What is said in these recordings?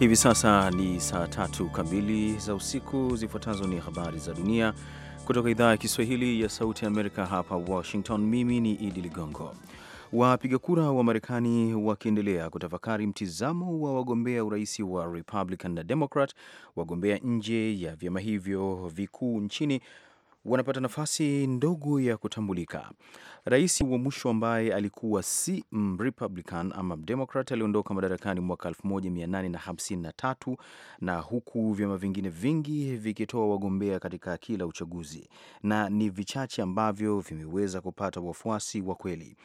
Hivi sasa ni saa tatu kamili za usiku. Zifuatazo ni habari za dunia kutoka idhaa ya Kiswahili ya Sauti Amerika, hapa Washington. Mimi ni Idi Ligongo. Wapiga kura wa Marekani wakiendelea kutafakari mtizamo wa wagombea urais wa Republican na Democrat, wagombea nje ya vyama hivyo vikuu nchini wanapata nafasi ndogo ya kutambulika. Rais wa mwisho ambaye alikuwa si Republican ama Democrat aliondoka madarakani mwaka 1853 na huku vyama vingine vingi vikitoa wagombea katika kila uchaguzi, na ni vichache ambavyo vimeweza kupata wafuasi wa kweli.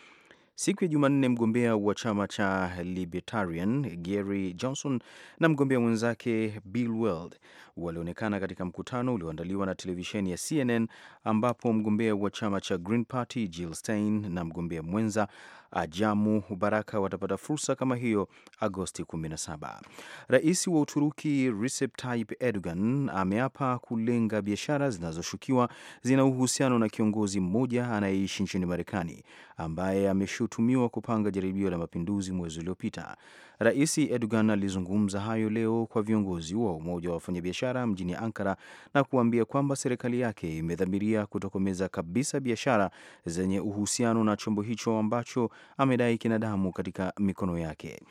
Siku ya Jumanne, mgombea wa chama cha Libertarian Gary Johnson na mgombea mwenzake Bill Weld walionekana katika mkutano ulioandaliwa na televisheni ya CNN ambapo mgombea wa chama cha Green Party Jill Stein na mgombea mwenza Ajamu Baraka watapata fursa kama hiyo Agosti 17. Rais wa Uturuki Recep Tayyip Erdogan ameapa kulenga biashara zinazoshukiwa zina uhusiano na kiongozi mmoja anayeishi nchini Marekani ambaye ameshutumiwa kupanga jaribio la mapinduzi mwezi uliopita. Rais Erdogan alizungumza hayo leo kwa viongozi wa Umoja wa Wafanyabiashara mjini Ankara na kuambia kwamba serikali yake imedhamiria kutokomeza kabisa biashara zenye uhusiano na chombo hicho ambacho amedai kinadamu katika mikono yake.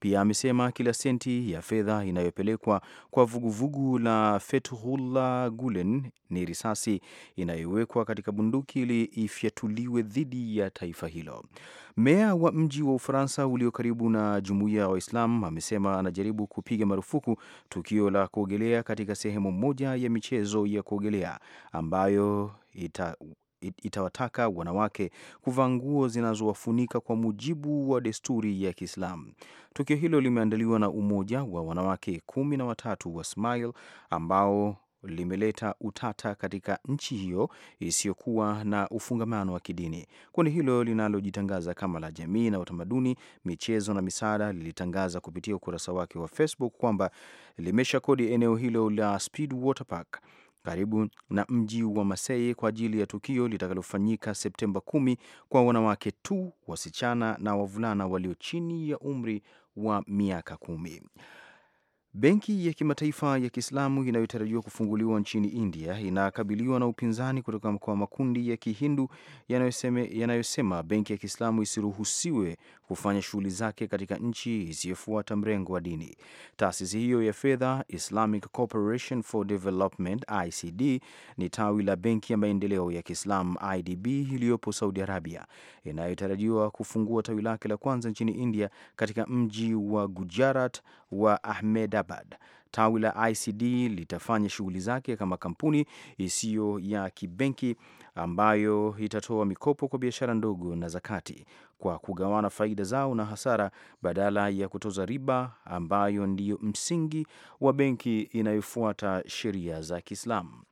Pia amesema kila senti ya fedha inayopelekwa kwa vuguvugu vugu la Fethullah Gulen ni risasi inayowekwa katika bunduki ili ifyatuliwe dhidi ya taifa hilo. Meya wa mji wa Ufaransa ulio karibu na jumuiya ya Waislamu amesema anajaribu kupiga marufuku tukio la kuogelea katika sehemu moja ya michezo ya kuogelea ambayo ita, itawataka wanawake kuvaa nguo zinazowafunika kwa mujibu wa desturi ya Kiislamu. Tukio hilo limeandaliwa na umoja wa wanawake kumi na watatu wa Smile ambao limeleta utata katika nchi hiyo isiyokuwa na ufungamano wa kidini. Kundi hilo linalojitangaza kama la jamii na utamaduni, michezo na misaada lilitangaza kupitia ukurasa wake wa Facebook kwamba limeshakodi eneo hilo la Speed Park karibu na mji wa masei kwa ajili ya tukio litakalofanyika Septemba kumi kwa wanawake tu, wasichana na wavulana walio chini ya umri wa miaka kumi. Benki ya Kimataifa ya Kiislamu inayotarajiwa kufunguliwa nchini India inakabiliwa na upinzani kutoka kwa makundi ya Kihindu yanayosema benki ya Kiislamu isiruhusiwe kufanya shughuli zake katika nchi isiyofuata mrengo wa dini. Taasisi hiyo ya fedha, Islamic Corporation for Development ICD, ni tawi la Benki ya Maendeleo ya Kiislamu IDB iliyopo Saudi Arabia, inayotarajiwa kufungua tawi lake la kwanza nchini India katika mji wa Gujarat wa Ahmedabad. Tawi la ICD litafanya shughuli zake kama kampuni isiyo ya kibenki ambayo itatoa mikopo kwa biashara ndogo na zakati kwa kugawana faida zao na hasara badala ya kutoza riba ambayo ndiyo msingi wa benki inayofuata sheria za Kiislamu.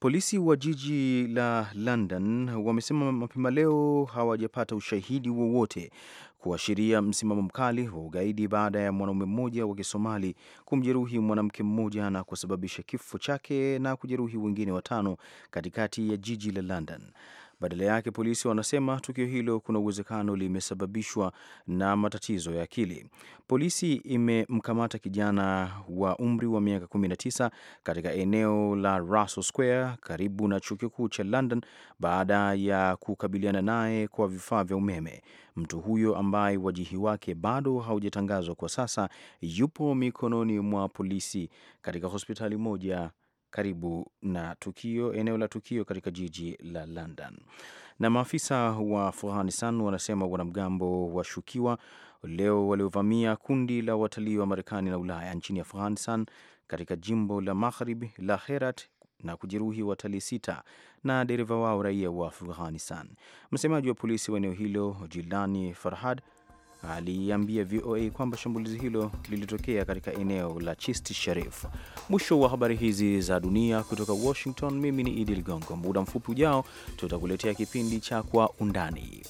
Polisi wa jiji la London wamesema mapema leo hawajapata ushahidi wowote kuashiria msimamo mkali wa ugaidi baada ya mwanaume mmoja wa Kisomali kumjeruhi mwanamke mmoja na kusababisha kifo chake na kujeruhi wengine watano katikati ya jiji la London. Badala yake polisi wanasema tukio hilo kuna uwezekano limesababishwa na matatizo ya akili. Polisi imemkamata kijana wa umri wa miaka 19 katika eneo la Russell Square karibu na chuo kikuu cha London baada ya kukabiliana naye kwa vifaa vya umeme. Mtu huyo ambaye wajihi wake bado haujatangazwa kwa sasa yupo mikononi mwa polisi katika hospitali moja karibu na tukio eneo la tukio katika jiji la London. Na maafisa wa Afghanistan wanasema wanamgambo washukiwa leo waliovamia kundi la watalii wa Marekani na Ulaya nchini Afghanistan katika jimbo la maghrib la Herat na kujeruhi watalii sita na dereva wao raia wa Afghanistan. Msemaji wa polisi wa eneo hilo Jilani Farhad aliambia VOA kwamba shambulizi hilo lilitokea katika eneo la Chisti Sharif. Mwisho wa habari hizi za dunia kutoka Washington, mimi ni Idi Ligongo. Muda mfupi ujao tutakuletea kipindi cha Kwa Undani.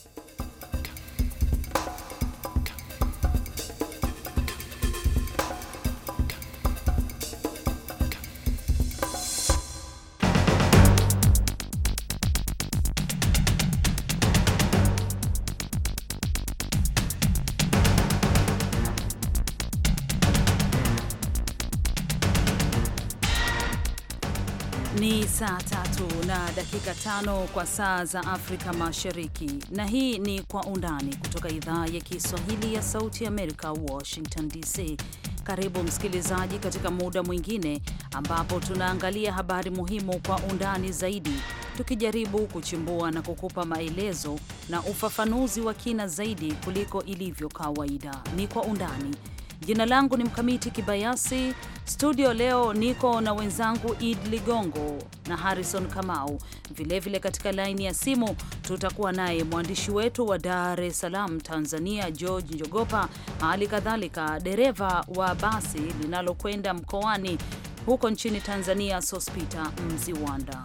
saa tatu na dakika tano kwa saa za Afrika Mashariki, na hii ni Kwa Undani kutoka idhaa ya Kiswahili ya Sauti ya Amerika, Washington DC. Karibu msikilizaji, katika muda mwingine ambapo tunaangalia habari muhimu kwa undani zaidi, tukijaribu kuchimbua na kukupa maelezo na ufafanuzi wa kina zaidi kuliko ilivyo kawaida. Ni Kwa Undani. Jina langu ni Mkamiti Kibayasi. Studio leo niko na wenzangu Id Ligongo na Harrison Kamau. Vilevile vile katika laini ya simu tutakuwa naye mwandishi wetu wa Dar es Salaam, Tanzania, George Njogopa, hali kadhalika dereva wa basi linalokwenda mkoani huko nchini Tanzania, Sospita Mziwanda.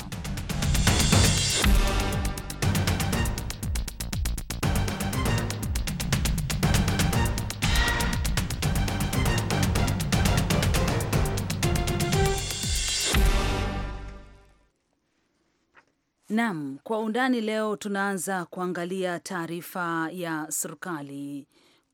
Naam, kwa undani leo tunaanza kuangalia taarifa ya serikali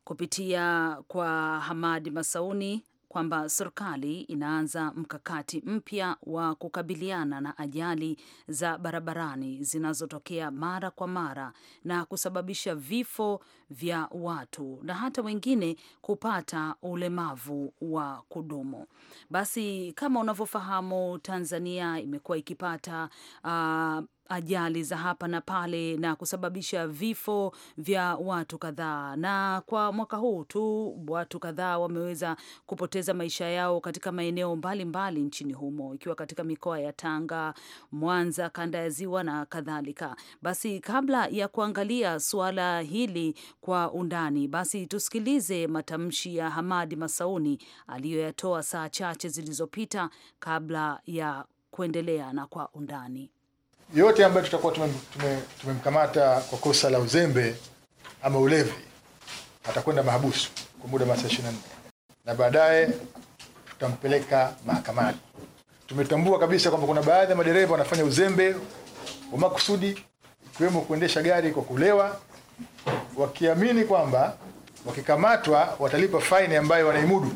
kupitia kwa hamadi Masauni kwamba serikali inaanza mkakati mpya wa kukabiliana na ajali za barabarani zinazotokea mara kwa mara na kusababisha vifo vya watu na hata wengine kupata ulemavu wa kudumu. Basi kama unavyofahamu, Tanzania imekuwa ikipata uh, ajali za hapa na pale na kusababisha vifo vya watu kadhaa. Na kwa mwaka huu tu watu kadhaa wameweza kupoteza maisha yao katika maeneo mbalimbali nchini humo, ikiwa katika mikoa ya Tanga, Mwanza, kanda ya Ziwa na kadhalika. Basi kabla ya kuangalia suala hili kwa undani, basi tusikilize matamshi ya Hamadi Masauni aliyoyatoa saa chache zilizopita kabla ya kuendelea na kwa undani yote ambayo tutakuwa tumemkamata tume, tume kwa kosa la uzembe ama ulevi atakwenda mahabusu kwa muda masaa ishirini na nne na baadaye tutampeleka mahakamani. Tumetambua kabisa kwamba kuna baadhi ya madereva wanafanya uzembe wa makusudi, ikiwemo kuendesha gari kwa kulewa, wakiamini kwamba wakikamatwa watalipa faini ambayo wanaimudu.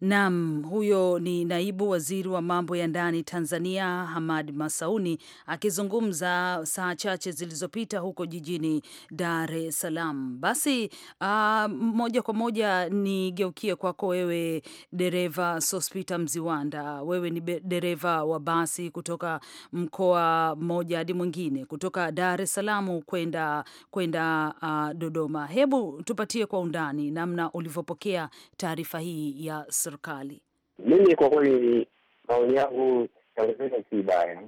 Naam, huyo ni naibu waziri wa mambo ya ndani Tanzania Hamad Masauni akizungumza saa chache zilizopita huko jijini Dar es Salaam. Basi uh, moja kwa moja nigeukie kwako wewe, dereva Sospita Mziwanda. Wewe ni dereva wa basi kutoka mkoa mmoja hadi mwingine, kutoka Dar es Salaam kwenda kwenda uh, Dodoma. Hebu tupatie kwa undani namna ulivyopokea taarifa hii ya serikali? Mimi kwa kweli, maoni yangu yaweza si baya,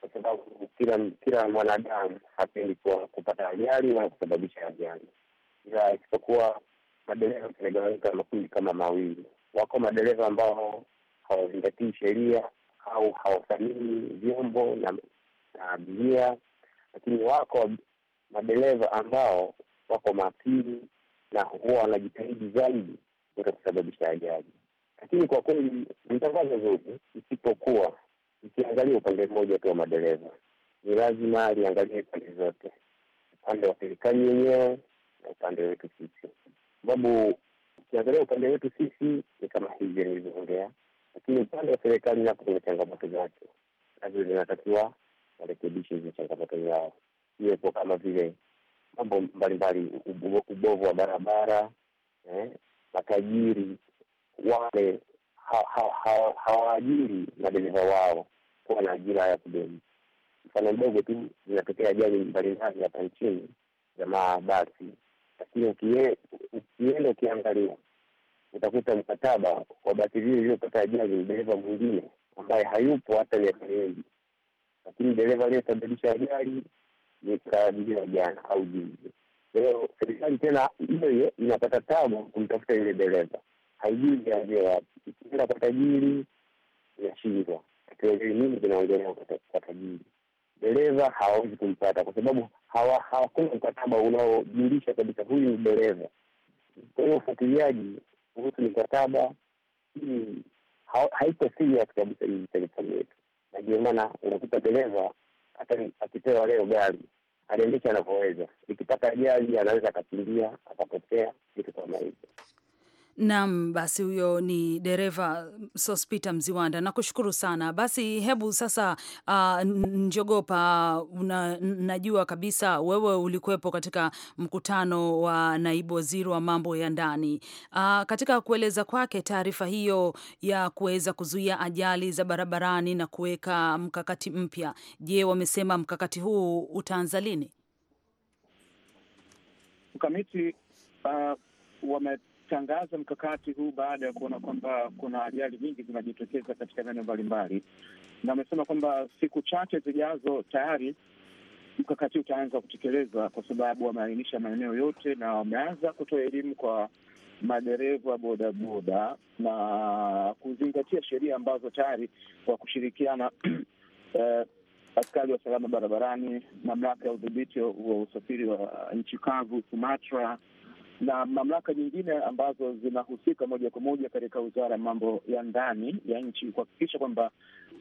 kwa sababu kila kila mwanadamu hapendi kupata ajali wala kusababisha ajali, ila isipokuwa madereva tumegawanyika makundi kama mawili. Wako madereva ambao hawazingatii sheria au hawathamini vyombo na abiria, lakini wako madereva ambao wako makini na huwa wanajitahidi zaidi kuto kusababisha ajali. Lakini kwa kweli ni tangazo zuri, isipokuwa ikiangalia upande mmoja tu wa madereva. Ni lazima aliangalie pande zote, upande wa serikali yenyewe na upande wetu sisi, sababu ukiangalia upande wetu sisi ni kama hivyo nilivyoongea, lakini upande wa serikali nako kuna changamoto zake nazo zinatakiwa warekebishe hizo changamoto zao, iwepo kama vile mambo mbalimbali, ubovu wa barabara eh, matajiri wale hawaajiri madereva wao kuwa na ajira ya kudumu. Mfano mdogo tu, zinatokea ajali mbalimbali hapa nchini za mabasi, lakini ukienda ukiangalia utakuta mkataba wa basi vile iliyopata ajali ni dereva mwingine ambaye hayupo hata miaka mingi, lakini dereva aliyosababisha ajali ni kaajiliwa jana au juzi. Kwa hiyo serikali tena hiyo hiyo inapata tabu kumtafuta yule dereva haijui ianzie wapi. Ikienda kwa tajiri inashindwa, hatuelewi nini kinaongelewa kwa tajiri. Dereva hawawezi kumpata kwa sababu hawakuna mkataba unaojulisha kabisa huyu ni dereva. Kwa hiyo ufuatiliaji kuhusu mikataba hii haiko serious kabisa hii serikali yetu, na ndio maana unakuta dereva hata akipewa leo gari aliendesha anavyoweza, ikipata ajali anaweza akakimbia akapotea, vitu kama hivyo. Naam, basi huyo ni dereva Sospita Mziwanda, nakushukuru sana. Basi hebu sasa, uh, Njogopa, una, najua kabisa wewe ulikuwepo katika mkutano wa naibu waziri wa mambo ya ndani. Uh, katika kueleza kwake taarifa hiyo ya kuweza kuzuia ajali za barabarani na kuweka mkakati mpya, je, wamesema mkakati huu utaanza lini? Mkamiti uh, wame tangaza mkakati huu baada ya kuona kwamba kuna ajali nyingi zinajitokeza katika maeneo mbalimbali, na amesema kwamba siku chache zijazo tayari mkakati utaanza kutekelezwa, kwa sababu wameainisha maeneo yote na wameanza kutoa elimu kwa madereva bodaboda na kuzingatia sheria ambazo tayari kwa kushirikiana eh, askari wa usalama barabarani, mamlaka ya udhibiti wa usafiri wa nchi kavu SUMATRA na mamlaka nyingine ambazo zinahusika moja kwa moja katika wizara ya mambo ya ndani ya nchi kuhakikisha kwamba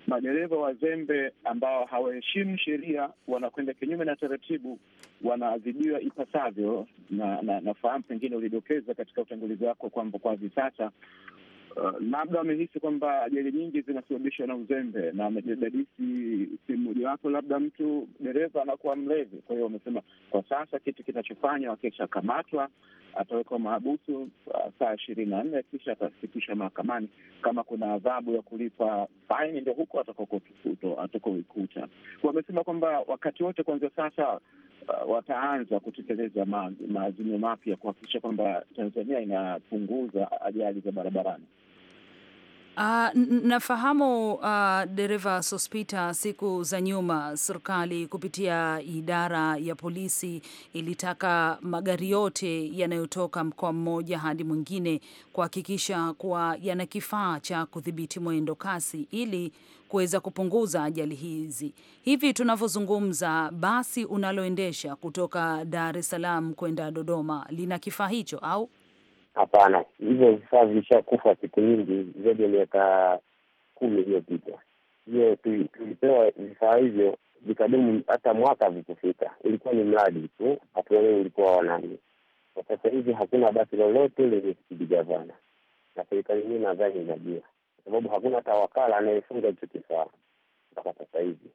madereva wazembe ambao hawaheshimu sheria, wanakwenda kinyume na taratibu, wanaadhibiwa ipasavyo. Na nafahamu pengine ulidokeza katika utangulizi wako kwamba kwa hivi sasa Uh, labda wamehisi kwamba ajali nyingi zinasababishwa na uzembe na amejidadisi simu mojawapo, labda mtu dereva anakuwa mlevi. Kwa hiyo wamesema kwa sasa kitu kinachofanya kamatwa atawekwa mahabusu uh, saa ishirini na nne kisha atafikishwa mahakamani. Kama kuna adhabu ya kulipa faini, ndio huko atakoikuta. Wamesema kwamba wakati wote kuanzia sasa Uh, wataanza kutekeleza maazimio mapya kuhakikisha kwamba Tanzania inapunguza ajali za barabarani. Uh, nafahamu uh, dereva Sospita, siku za nyuma serikali kupitia idara ya polisi ilitaka magari yote yanayotoka mkoa mmoja hadi mwingine kuhakikisha kuwa yana kifaa cha kudhibiti mwendo kasi ili kuweza kupunguza ajali hizi. Hivi tunavyozungumza, basi unaloendesha kutoka Dar es Salaam kwenda Dodoma lina kifaa hicho au? Hapana, hivyo vifaa vishakufa siku nyingi, zaidi ya miaka kumi iliyopita. Hiyo tulipewa vifaa hivyo vikadumu hata mwaka vikufika, ilikuwa ni mradi tu, hatuelewi ulikuwa wanani. Kwa sasa hivi hakuna basi lolote lenye spidi gavana, na serikali hii nadhani inajua, kwa sababu hakuna hata wakala anayefunga hicho kifaa mpaka sasa hivi.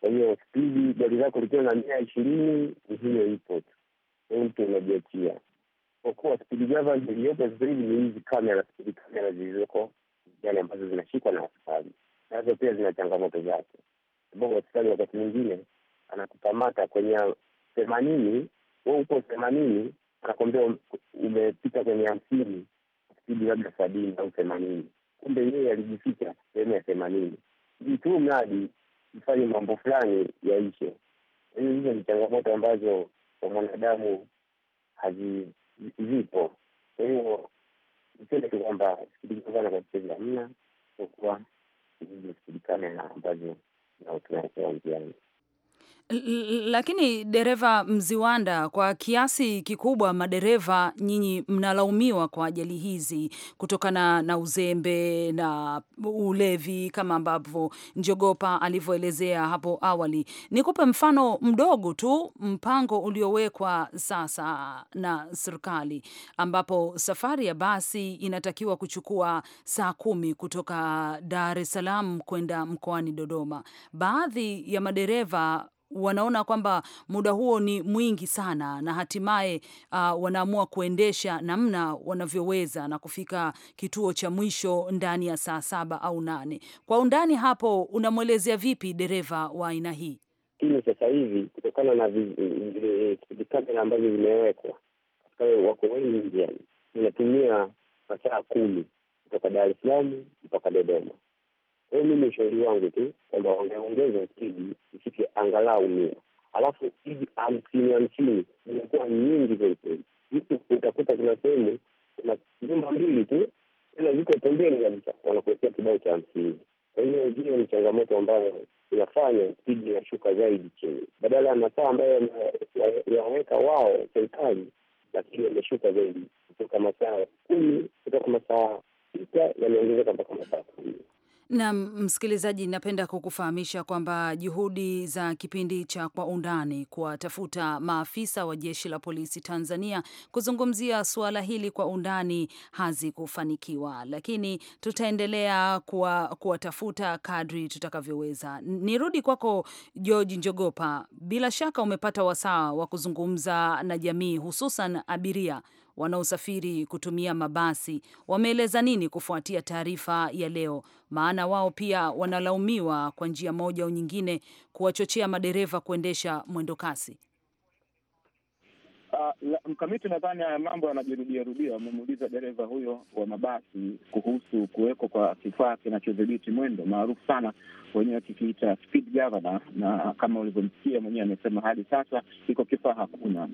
Kwa hiyo spidi, gari lako likiwa na mia ishirini, hiyo ipo tu, mtu unajiachia kwa kuwa vipindi zaidi ni hizi kamera, hizi kamera zilizoko yani ambazo zinashikwa na askari, nazo pia zina changamoto zake, sababu askari wakati mwingine anakukamata kwenye themanini, we uko themanini, anakwambia um, umepita kwenye hamsini, spidi labda sabini au themanini, kumbe yeye alijificha sehemu ya themanini hii tu mradi mfanye mambo fulani yaishe. Hizo ni changamoto ambazo kwa mwanadamu hazi zipo. Kwa hiyo niseme tu kwamba sikilikazana kwa mchezo mna, isipokuwa izidi na ambazo na utunaekewa njiani. Lakini dereva Mziwanda, kwa kiasi kikubwa madereva nyinyi mnalaumiwa kwa ajali hizi kutokana na uzembe na ulevi, kama ambavyo Njogopa alivyoelezea hapo awali. Nikupe mfano mdogo tu, mpango uliowekwa sasa na serikali, ambapo safari ya basi inatakiwa kuchukua saa kumi kutoka Dar es Salaam kwenda mkoani Dodoma. Baadhi ya madereva wanaona kwamba muda huo ni mwingi sana, na hatimaye uh, wanaamua kuendesha namna wanavyoweza na kufika kituo cha mwisho ndani ya saa saba au nane. Kwa undani hapo, unamwelezea vipi dereva wa aina hii? Lakini sasa hivi kutokana na vile kamera ambazo zimewekwa, wako wengi njiani, inatumia masaa kumi kutoka Dar es Salaam mpaka Dodoma. Eh, mimi ni ushauri wangu tu kwamba wangeongeza tiji ifike angalau mia, alafu tiji hamsini hamsini imekuwa nyingi kwelikweli. Utakuta kuna sehemu kuna nyumba mbili tu ila ziko pembeni kabisa, wanakuekea kibao cha hamsini. Kwa hiyo hiyo ni changamoto ambayo inafanya tiji inashuka zaidi chini, badala ya masaa ambayo yaweka wao serikali, lakini yameshuka zaidi kutoka masaa kumi kutoka masaa sita yameongezeka mpaka masaa kumi. Na msikilizaji, napenda kukufahamisha kwamba juhudi za kipindi cha Kwa Undani kuwatafuta maafisa wa jeshi la polisi Tanzania kuzungumzia suala hili kwa undani hazikufanikiwa, lakini tutaendelea kuwatafuta kadri tutakavyoweza. Nirudi kwako George Njogopa, bila shaka umepata wasaa wa kuzungumza na jamii, hususan abiria wanaosafiri kutumia mabasi wameeleza nini kufuatia taarifa ya leo? Maana wao pia wanalaumiwa kwa njia moja au nyingine kuwachochea madereva kuendesha mwendo kasi. Ah, mkamiti nadhani haya mambo yanajirudia rudia. Wamemuuliza dereva huyo wa mabasi kuhusu kuwekwa kwa kifaa kinachodhibiti mwendo maarufu sana wenyewe kikiita speed governor, na kama ulivyomsikia mwenyewe amesema hadi sasa iko kifaa hakuna.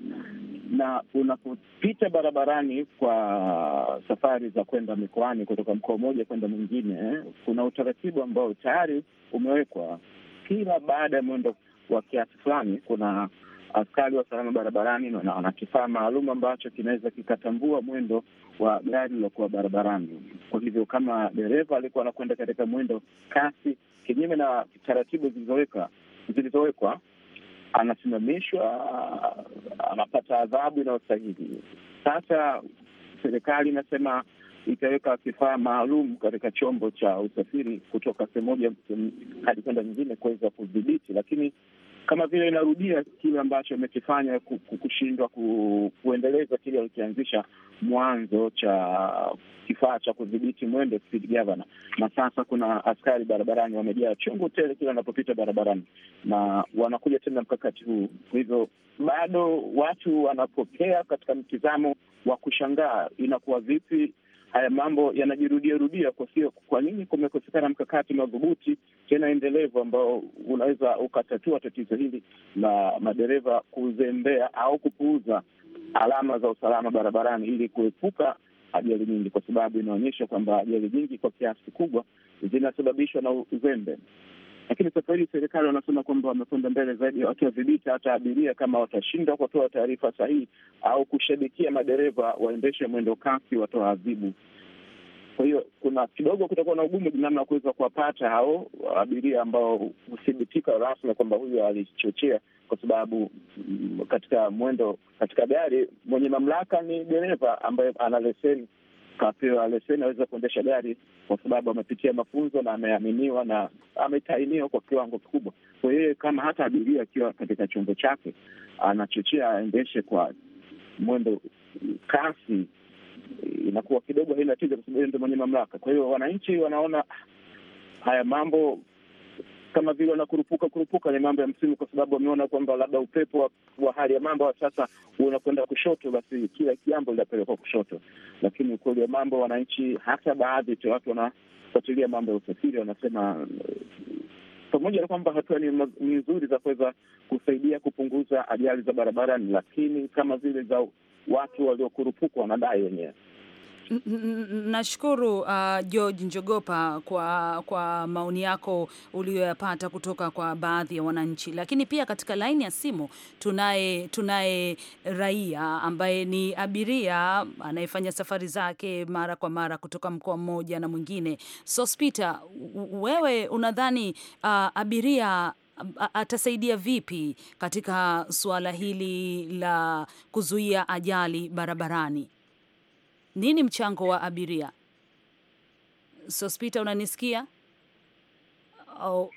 Na unapopita barabarani kwa safari za kwenda mikoani kutoka mkoa mmoja kwenda mwingine, kuna utaratibu ambao tayari umewekwa kila baada ya mwendo wa kiasi fulani kuna askari wa salama barabarani na wana kifaa maalum ambacho kinaweza kikatambua mwendo wa gari lilokuwa barabarani. Kwa hivyo kama dereva alikuwa anakwenda katika mwendo kasi kinyume na taratibu zilizowekwa zilizowekwa, anasimamishwa, anapata adhabu inayostahili. Sasa serikali inasema itaweka kifaa maalum katika chombo cha usafiri kutoka sehemu moja hadi kwenda nyingine kuweza kudhibiti, lakini kama vile inarudia kile ambacho amekifanya kushindwa kuendeleza kile alikianzisha mwanzo cha kifaa cha kudhibiti mwendo speed governor, na sasa kuna askari barabarani wamejaa chungu tele kile wanapopita barabarani, na wanakuja tena mkakati huu. Kwa hivyo bado watu wanapokea katika mtizamo wa kushangaa, inakuwa vipi haya mambo yanajirudia rudia kwa sio. Kwa nini kumekosekana mkakati madhubuti tena endelevu ambao unaweza ukatatua tatizo hili la madereva kuzembea au kupuuza alama za usalama barabarani ili kuepuka ajali nyingi, kwa sababu inaonyesha kwamba ajali nyingi kwa kiasi kikubwa zinasababishwa na uzembe. Lakini sasa hivi serikali wanasema kwamba wamekwenda mbele zaidi, wakiwadhibiti hata abiria kama watashindwa kutoa taarifa sahihi au kushabikia madereva waendeshe mwendo kasi, watoa adhibu. Kwa hiyo kuna kidogo kutakuwa na ugumu namna ya kuweza kuwapata hao abiria ambao huthibitika rasmi kwamba huyo alichochea, kwa sababu mm, katika mwendo katika gari mwenye mamlaka ni dereva ambaye ana leseni, kapewa leseni aweza kuendesha gari kwa sababu amepitia mafunzo na ameaminiwa na ametainiwa kwa kiwango kikubwa. Kwa hiyo kama hata abiria akiwa katika chombo chake anachochea aendeshe kwa mwendo kasi, inakuwa kidogo haina tija, kwa sababu ndio mwenye mamlaka. Kwa hiyo wananchi wanaona haya mambo kama vile wanakurupuka kurupuka ni mambo ya msimu, kwa sababu wameona kwamba labda upepo wa, wa hali ya mambo wa sasa unakwenda kushoto, basi kila jambo linapelekwa kushoto. Lakini ukweli wa mambo, wananchi, hata baadhi tu watu wanafuatilia mambo ya usafiri wanasema eh, pamoja na kwamba hatua ni nzuri za kuweza kusaidia kupunguza ajali za barabarani, lakini kama zile za watu waliokurupuka wanadai wenyewe Nashukuru uh, George Njogopa kwa, kwa maoni yako uliyoyapata kutoka kwa baadhi ya wananchi, lakini pia katika laini ya simu tunaye tunaye raia ambaye ni abiria anayefanya safari zake mara kwa mara kutoka mkoa mmoja na mwingine. Sospita, wewe unadhani uh, abiria um, atasaidia vipi katika suala hili la kuzuia ajali barabarani? Nini mchango wa abiria? Sospita, unanisikia? Oh,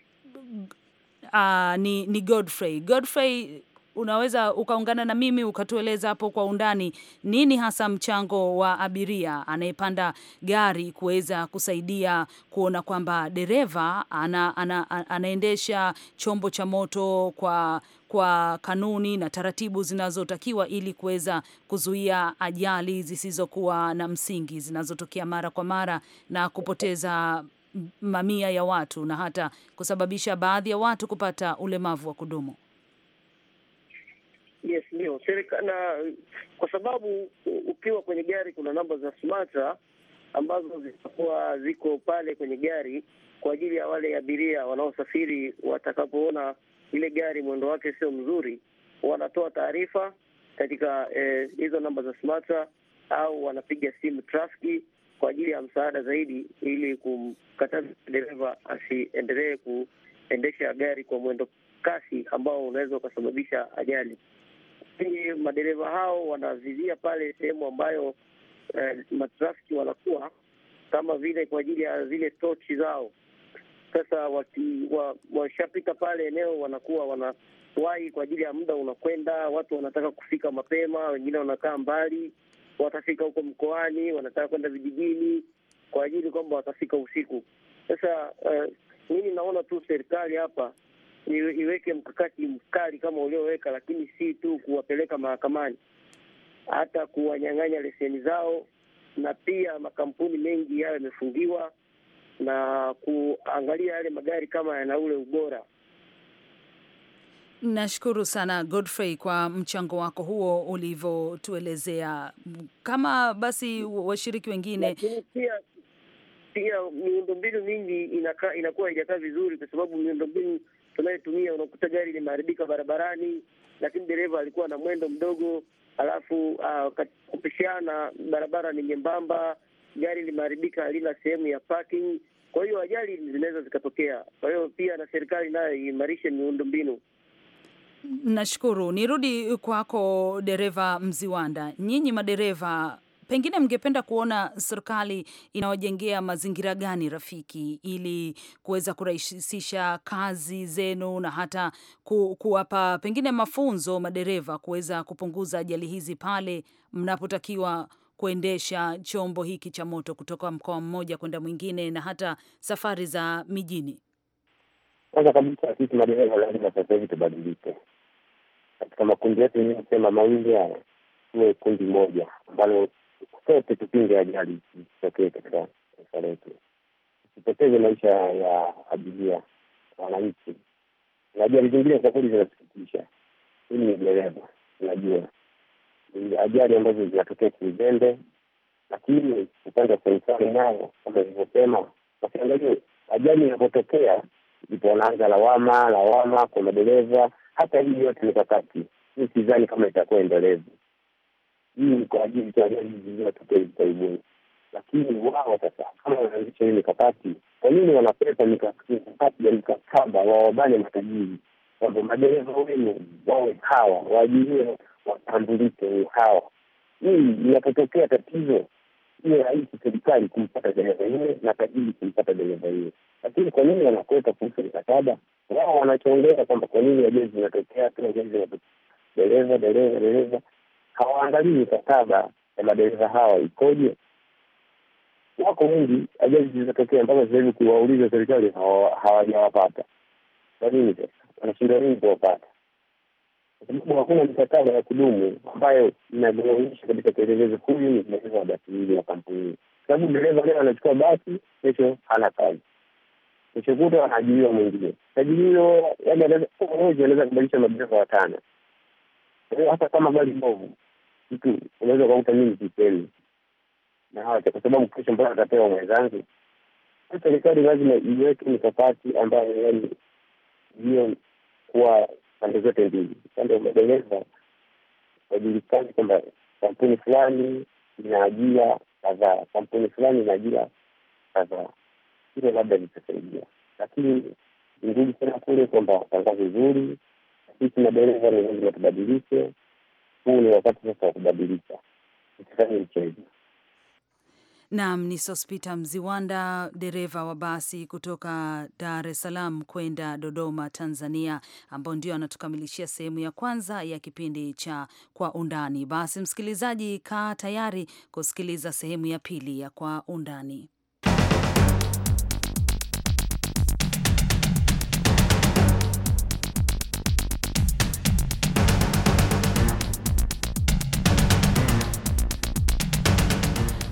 uh, ni, ni Godfrey. Godfrey, unaweza ukaungana na mimi ukatueleza hapo kwa undani nini hasa mchango wa abiria anayepanda gari kuweza kusaidia kuona kwamba dereva ana, ana, ana, anaendesha chombo cha moto kwa kwa kanuni na taratibu zinazotakiwa ili kuweza kuzuia ajali zisizokuwa na msingi zinazotokea mara kwa mara na kupoteza mamia ya watu na hata kusababisha baadhi ya watu kupata ulemavu wa kudumu. Yes, ndio serikali, kwa sababu ukiwa kwenye gari kuna namba za SMATA ambazo zitakuwa ziko pale kwenye gari kwa ajili ya wale abiria wanaosafiri watakapoona ile gari mwendo wake sio mzuri, wanatoa taarifa katika eh, hizo eh, namba za SMATA au wanapiga simu trafiki kwa ajili ya msaada zaidi, ili kumkataza dereva asiendelee kuendesha gari kwa mwendo kasi ambao unaweza ukasababisha ajali lakini madereva hao wanazilia pale sehemu ambayo eh, matrafiki wanakuwa kama vile kwa ajili ya zile tochi zao. Sasa washapita wa, wa pale eneo wanakuwa wanawahi kwa ajili ya muda unakwenda, watu wanataka kufika mapema, wengine wanakaa mbali, watafika huko mkoani, wanataka kwenda vijijini kwa ajili kwamba watafika usiku. Sasa eh, mimi naona tu serikali hapa iweke mkakati mkali kama ulioweka, lakini si tu kuwapeleka mahakamani, hata kuwanyang'anya leseni zao, na pia makampuni mengi yayo yamefungiwa, na kuangalia yale magari kama yana ule ubora. Nashukuru sana Godfrey kwa mchango wako huo ulivyotuelezea. Kama basi washiriki wengine, pia pia miundombinu mingi inakuwa haijakaa vizuri, kwa sababu miundombinu unayetumia unakuta gari limeharibika barabarani, lakini dereva alikuwa na mwendo mdogo, alafu uh, kupishana, barabara ni nyembamba, gari limeharibika, halina sehemu ya parking. Kwa hiyo ajali zinaweza zikatokea. Kwa hiyo pia na serikali nayo iimarishe mbinu. Nashukuru. Nirudi kwako dereva Mziwanda, nyinyi madereva Pengine mngependa kuona serikali inawajengea mazingira gani rafiki ili kuweza kurahisisha kazi zenu na hata ku, kuwapa pengine mafunzo madereva kuweza kupunguza ajali hizi pale mnapotakiwa kuendesha chombo hiki cha moto kutoka mkoa mmoja kwenda mwingine na hata safari za mijini? Kwanza kabisa sisi madereva lazima sasa hivi tubadilike katika makundi yetu sema haya tuwe kundi moja ambalo sote tupinge ajali isitokee katika taifa letu, tusipoteze maisha ya abiria wananchi. Na ajali zingine kwa kweli zinasikitisha. hili ni dereva, najua ni ajali ambazo zinatokea kiuzembe, lakini upande wa serikali nao kama ilivyosema, wakiangalia ajali inapotokea, ndipo wanaanza lawama lawama kwa madereva. Hata hii yote mikakati, mi sidhani kama itakuwa endelevu hii ni kwa ajili tarehe hivi karibuni. Lakini wao sasa, kama wanaanzisha hii mikakati, kwa nini wanapeta mikakati ya mikataba wawabane matajiri, kwamba madereva wenu wawe hawa, waajiriwe watambulike hawa. Hii inapotokea tatizo, iyo rahisi serikali kumpata dereva yule na tajiri kumpata dereva yule. Lakini kwa nini wanakweta kuhusu mikataba? Wao wanachoongea kwamba kwa nini ajezi zinatokea tu, ajali zinatokea dereva dereva dereva hawaangalii mikataba ya madereva hawa ikoje. Wako wengi ajali zilizotokea mpaka sasa hivi, kuwauliza serikali hawajawapata. Kwa nini sasa wanashindwa nini kuwapata? Kwa sababu hakuna mikataba ya kudumu ambayo inagawanyisha katika kielelezo, huyu ni dereva wa basi hili wa kampuni hii. Kwa sababu dereva leo anachukua basi, kesho hana kazi kesho kutwa anaajiriwa mwingine, tajiriwa, yani, anaweza kubadilisha madereva watano. Eh, hata kama gari mbovu, mtu unaweza ukakuta mimi sipendi na wacha, kwa sababu kesho mbona atapewa mwenzangu. Serikali lazima iweke mikakati ambayo yani hiyo kuwa pande zote mbili, pande umedeleza wajulikani kwamba kampuni fulani ina ajira kadhaa, kampuni fulani ina ajira kadhaa. Hilo labda litasaidia, lakini ni ngumu sana kule kwamba tangazo zuri sisi madereva ni lazima tubadilike. Huu ni wakati sasa wa kubadilika, usifanye mchezo. Naam, ni Sospita Mziwanda, dereva wa basi kutoka Dar es Salaam kwenda Dodoma, Tanzania, ambao ndio anatukamilishia sehemu ya kwanza ya kipindi cha Kwa Undani. Basi msikilizaji, kaa tayari kusikiliza sehemu ya pili ya Kwa Undani.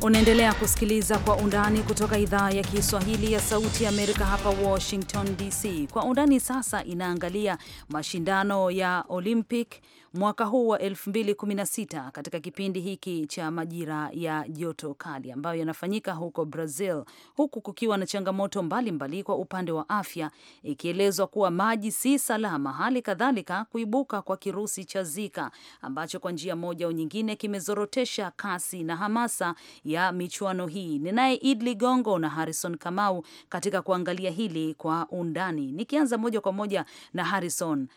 Unaendelea kusikiliza Kwa Undani kutoka idhaa ya Kiswahili ya Sauti ya Amerika hapa Washington DC. Kwa Undani sasa inaangalia mashindano ya Olympic mwaka huu wa 2016 katika kipindi hiki cha majira ya joto kali ambayo yanafanyika huko Brazil, huku kukiwa na changamoto mbalimbali mbali kwa upande wa afya, ikielezwa kuwa maji si salama, hali kadhalika kuibuka kwa kirusi cha Zika ambacho kwa njia moja au nyingine kimezorotesha kasi na hamasa ya michuano hii. Ninaye Id Ligongo na Harrison Kamau katika kuangalia hili kwa undani, nikianza moja kwa moja na Harrison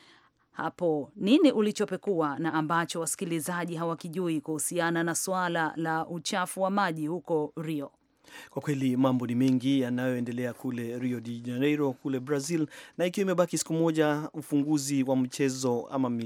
hapo, nini ulichopekua na ambacho wasikilizaji hawakijui kuhusiana na suala la uchafu wa maji huko Rio? Kwa kweli mambo ni mengi yanayoendelea kule Rio de Janeiro kule Brazil, na ikiwa imebaki siku moja ufunguzi wa mchezo ama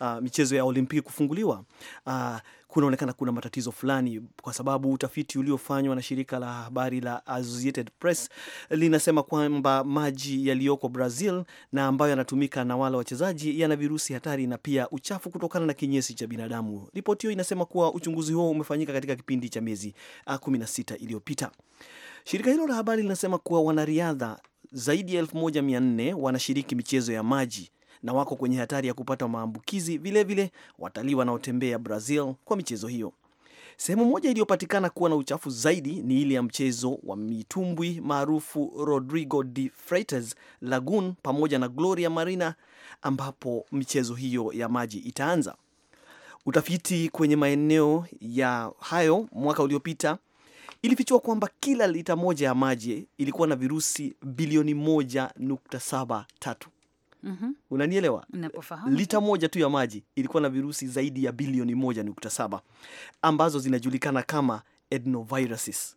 ah, michezo ya Olimpiki kufunguliwa, ah, kunaonekana kuna matatizo fulani, kwa sababu utafiti uliofanywa na shirika la habari la Associated Press linasema kwamba maji yaliyoko Brazil na ambayo yanatumika na wale wachezaji yana virusi hatari na pia uchafu kutokana na kinyesi cha binadamu. Ripoti hiyo inasema kuwa uchunguzi huo umefanyika katika kipindi cha miezi 16 ah, iliyopita. Shirika hilo la habari linasema kuwa wanariadha zaidi ya 1400 wanashiriki michezo ya maji na wako kwenye hatari ya kupata maambukizi. Vilevile watalii wanaotembea Brazil kwa michezo hiyo. Sehemu moja iliyopatikana kuwa na uchafu zaidi ni ile ya mchezo wa mitumbwi maarufu Rodrigo de Freitas Lagoon pamoja na Gloria Marina, ambapo michezo hiyo ya maji itaanza. Utafiti kwenye maeneo ya hayo mwaka uliopita ilifichua kwamba kila lita moja ya maji ilikuwa na virusi bilioni 1.73. -hmm. Unanielewa? Lita moja tu ya maji ilikuwa na virusi zaidi ya bilioni moja nukta saba ambazo zinajulikana kama adenoviruses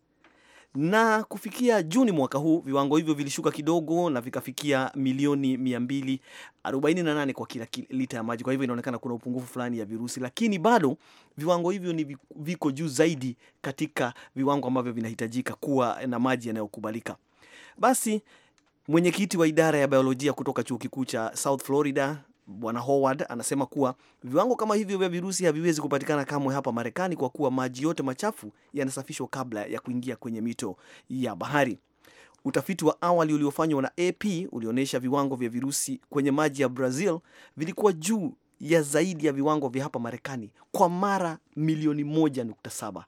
na kufikia Juni mwaka huu viwango hivyo vilishuka kidogo na vikafikia milioni 248 kwa kila lita ya maji. Kwa hivyo inaonekana kuna upungufu fulani ya virusi, lakini bado viwango hivyo ni viko juu zaidi katika viwango ambavyo vinahitajika kuwa na maji yanayokubalika. Basi Mwenyekiti wa idara ya biolojia kutoka chuo kikuu cha South Florida Bwana Howard anasema kuwa viwango kama hivyo vya virusi haviwezi kupatikana kamwe hapa Marekani kwa kuwa maji yote machafu yanasafishwa kabla ya kuingia kwenye mito ya bahari. Utafiti wa awali uliofanywa na AP ulionyesha viwango vya virusi kwenye maji ya Brazil vilikuwa juu ya zaidi ya viwango vya hapa Marekani kwa mara milioni 1.7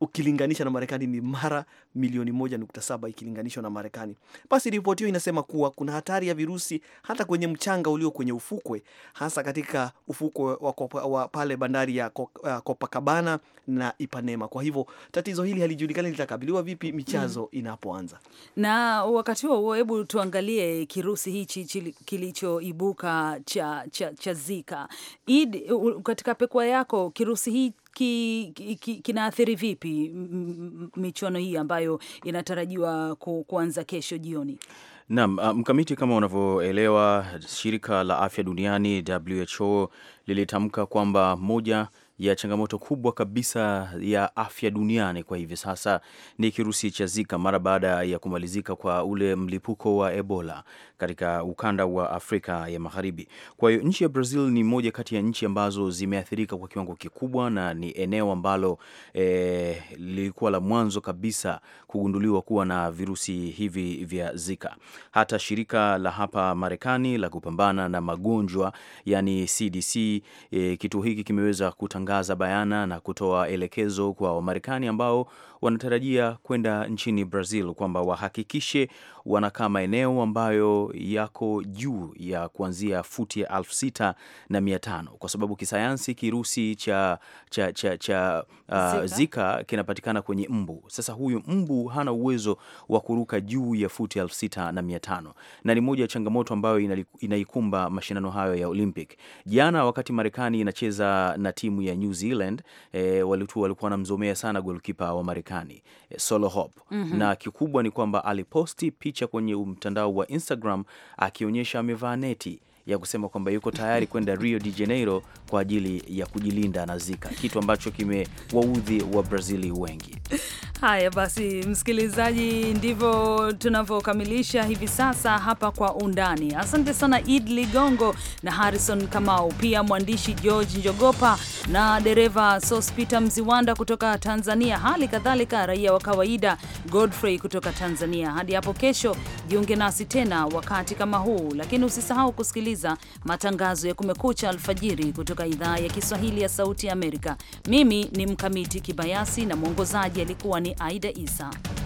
ukilinganisha na Marekani ni mara milioni moja nukta saba ikilinganishwa na Marekani. Basi ripoti hiyo inasema kuwa kuna hatari ya virusi hata kwenye mchanga ulio kwenye ufukwe, hasa katika ufukwe wa, wa pale bandari ya Copacabana na Ipanema. Kwa hivyo tatizo hili halijulikani litakabiliwa vipi michazo mm-hmm. inapoanza. Na wakati huo huo, hebu tuangalie kirusi hichi kilichoibuka cha, cha, cha Zika. Idi, katika pekua yako kirusi hii ki, ki, ki, kinaathiri vipi michuano hii ambayo inatarajiwa ku, kuanza kesho jioni? Naam, ah, mkamiti, kama unavyoelewa, shirika la afya duniani WHO lilitamka kwamba moja ya changamoto kubwa kabisa ya afya duniani kwa hivi sasa ni kirusi cha Zika mara baada ya kumalizika kwa ule mlipuko wa Ebola katika ukanda wa Afrika ya Magharibi. Kwa hiyo nchi ya Brazil ni moja kati ya nchi ambazo zimeathirika kwa kiwango kikubwa, na ni eneo ambalo eh, lilikuwa la mwanzo kabisa kugunduliwa kuwa na virusi hivi vya Zika. Hata shirika la hapa Marekani la kupambana na magonjwa yani CDC, eh, kituo hiki kimeweza kutangaza bayana na kutoa elekezo kwa Wamarekani ambao wanatarajia kwenda nchini Brazil kwamba wahakikishe wanakaa maeneo ambayo yako juu ya kuanzia futi ya elfu sita na mia tano kwa sababu kisayansi kirusi cha, cha, cha, cha uh, Zika, Zika kinapatikana kwenye mbu. Sasa huyu mbu hana uwezo wa kuruka juu ya futi elfu sita na mia tano na ni moja ya changamoto ambayo inaikumba mashindano hayo ya Olympic. Jana wakati Marekani inacheza na timu ya New Zealand eh, walikuwa wanamzomea sana golkipa wa Marekani Marekani eh, Solo Hope mm -hmm. na kikubwa ni kwamba aliposti picha kwenye mtandao wa Instagram akionyesha amevaa neti ya kusema kwamba yuko tayari kwenda Rio de Janeiro kwa ajili ya kujilinda na Zika, kitu ambacho kimewaudhi wa Brazili wengi. Haya basi, msikilizaji, ndivyo tunavyokamilisha hivi sasa hapa kwa undani. Asante sana Id Ligongo na Harrison Kamau, pia mwandishi George Njogopa na dereva Sospita Mziwanda kutoka Tanzania, hali kadhalika raia wa kawaida Godfrey kutoka Tanzania. Hadi hapo kesho, jiunge nasi tena wakati kama huu, lakini usisahau kusikiliza matangazo ya Kumekucha alfajiri kutoka idhaa ya Kiswahili ya Sauti ya Amerika. Mimi ni Mkamiti Kibayasi na mwongozaji alikuwa ni Aida Isa.